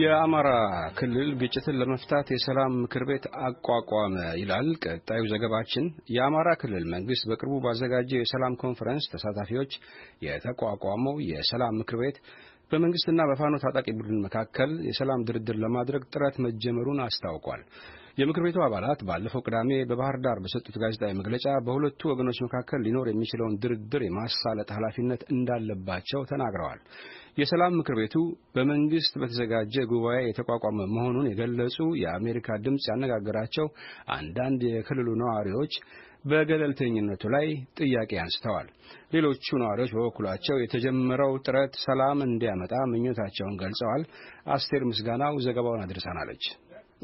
የአማራ ክልል ግጭትን ለመፍታት የሰላም ምክር ቤት አቋቋመ ይላል ቀጣዩ ዘገባችን። የአማራ ክልል መንግስት በቅርቡ ባዘጋጀው የሰላም ኮንፈረንስ ተሳታፊዎች የተቋቋመው የሰላም ምክር ቤት በመንግስትና በፋኖ ታጣቂ ቡድን መካከል የሰላም ድርድር ለማድረግ ጥረት መጀመሩን አስታውቋል። የምክር ቤቱ አባላት ባለፈው ቅዳሜ በባህር ዳር በሰጡት ጋዜጣዊ መግለጫ በሁለቱ ወገኖች መካከል ሊኖር የሚችለውን ድርድር የማሳለጥ ኃላፊነት እንዳለባቸው ተናግረዋል። የሰላም ምክር ቤቱ በመንግስት በተዘጋጀ ጉባኤ የተቋቋመ መሆኑን የገለጹ የአሜሪካ ድምፅ ያነጋገራቸው አንዳንድ የክልሉ ነዋሪዎች በገለልተኝነቱ ላይ ጥያቄ አንስተዋል። ሌሎቹ ነዋሪዎች በበኩላቸው የተጀመረው ጥረት ሰላም እንዲያመጣ ምኞታቸውን ገልጸዋል። አስቴር ምስጋናው ዘገባውን አድርሳናለች።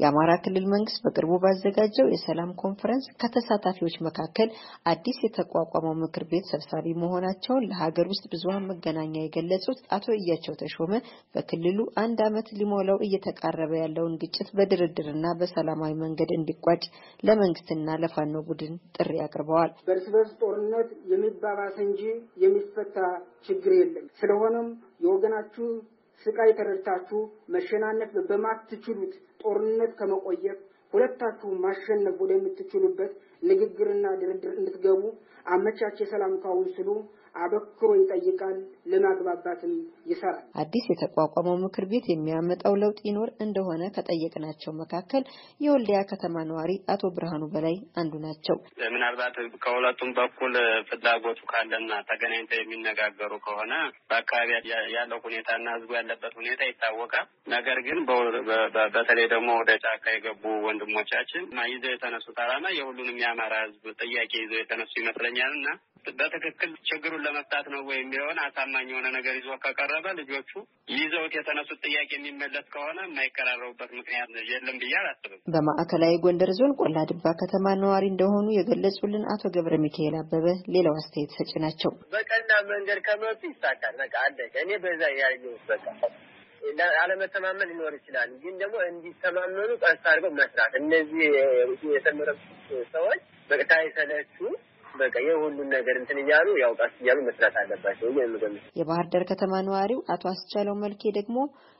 የአማራ ክልል መንግስት በቅርቡ ባዘጋጀው የሰላም ኮንፈረንስ ከተሳታፊዎች መካከል አዲስ የተቋቋመው ምክር ቤት ሰብሳቢ መሆናቸውን ለሀገር ውስጥ ብዙሀን መገናኛ የገለጹት አቶ እያቸው ተሾመ በክልሉ አንድ ዓመት ሊሞላው እየተቃረበ ያለውን ግጭት በድርድርና በሰላማዊ መንገድ እንዲቋጭ ለመንግስትና ለፋኖ ቡድን ጥሪ አቅርበዋል። በእርስ በርስ ጦርነት የሚባባስ እንጂ የሚፈታ ችግር የለም። ስለሆነም የወገናችሁ ስቃይ ተረድታችሁ መሸናነፍ በማትችሉት ጦርነት ከመቆየት ሁለታችሁ ማሸነፍ ወደምትችሉበት ንግግርና ድርድር እንድትገቡ አመቻች የሰላም ካውንስሉ አበክሮ ይጠይቃል፣ ለማግባባትም ይሰራል። አዲስ የተቋቋመው ምክር ቤት የሚያመጣው ለውጥ ይኖር እንደሆነ ከጠየቅናቸው መካከል የወልዲያ ከተማ ነዋሪ አቶ ብርሃኑ በላይ አንዱ ናቸው። ምናልባት ከሁለቱም በኩል ፍላጎቱ ካለና ተገናኝተው የሚነጋገሩ ከሆነ በአካባቢ ያለው ሁኔታና ህዝቡ ያለበት ሁኔታ ይታወቃል። ነገር ግን በተለይ ደግሞ ወደ ጫካ የገቡ ወንድሞቻችን ይዘው የተነሱት አላማ የሁሉንም የአማራ ህዝብ ጥያቄ ይዘው የተነሱ ይመስለኛል እና በትክክል ችግሩን ለመፍታት ነው ወይ የሚለውን አሳማኝ የሆነ ነገር ይዞ ከቀረበ ልጆቹ ይዘውት የተነሱት ጥያቄ የሚመለስ ከሆነ የማይቀራረቡበት ምክንያት የለም ብዬ አላስብም። በማዕከላዊ ጎንደር ዞን ቆላ ድባ ከተማ ነዋሪ እንደሆኑ የገለጹልን አቶ ገብረ ሚካኤል አበበ ሌላው አስተያየት ሰጪ ናቸው። በቀና መንገድ ከመጡ ይሳካል። በቃ አለ እኔ በዛ ያየሁት በቃ አለመተማመን ሊኖር ይችላል፣ ግን ደግሞ እንዲተማመኑ ቀስ አድርገው መስራት እነዚህ የተመረጡት ሰዎች በቅታይ ሰለቹ በቃ የሁሉም ነገር እንትን እያሉ ያው ቀስ እያሉ መስራት አለባቸው። የባህር ዳር ከተማ ነዋሪው አቶ አስቻለው መልኬ ደግሞ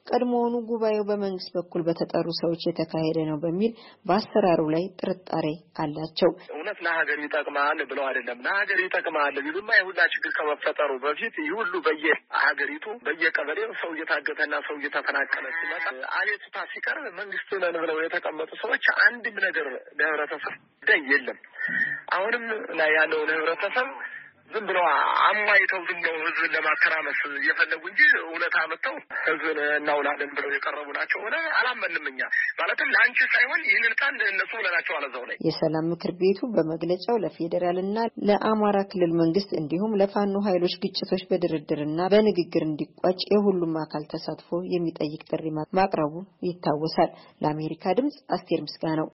ቀድሞውኑ ጉባኤው በመንግስት በኩል በተጠሩ ሰዎች የተካሄደ ነው በሚል በአሰራሩ ላይ ጥርጣሬ አላቸው። እውነት ለሀገር ይጠቅማል ብለው አይደለም። ለሀገር ይጠቅማል ቢሉማ የሁላ ችግር ከመፈጠሩ በፊት ይህ ሁሉ በየሀገሪቱ በየቀበሌው ሰው እየታገተና ሰው እየተፈናቀለ ሲመጣ አቤቱታ ሲቀርብ መንግስት ነን ብለው የተቀመጡ ሰዎች አንድም ነገር ለህብረተሰብ ደ የለም አሁንም ላይ ያለውን ህብረተሰብ ዝም ብሎ አማይተው ዝም ብሎ ህዝብን ለማተራመስ እየፈለጉ እንጂ እውነት አመጥተው ህዝብን እናውላለን ብለው የቀረቡ ናቸው። ሆነ አላመንም እኛ ማለትም ለአንቺ ሳይሆን ይህንን ቃል እነሱ ብለናቸው አለዛው ላይ የሰላም ምክር ቤቱ በመግለጫው ለፌዴራልና ለአማራ ክልል መንግስት እንዲሁም ለፋኖ ኃይሎች ግጭቶች በድርድርና በንግግር እንዲቋጭ የሁሉም አካል ተሳትፎ የሚጠይቅ ጥሪ ማቅረቡ ይታወሳል። ለአሜሪካ ድምጽ አስቴር ምስጋ ነው።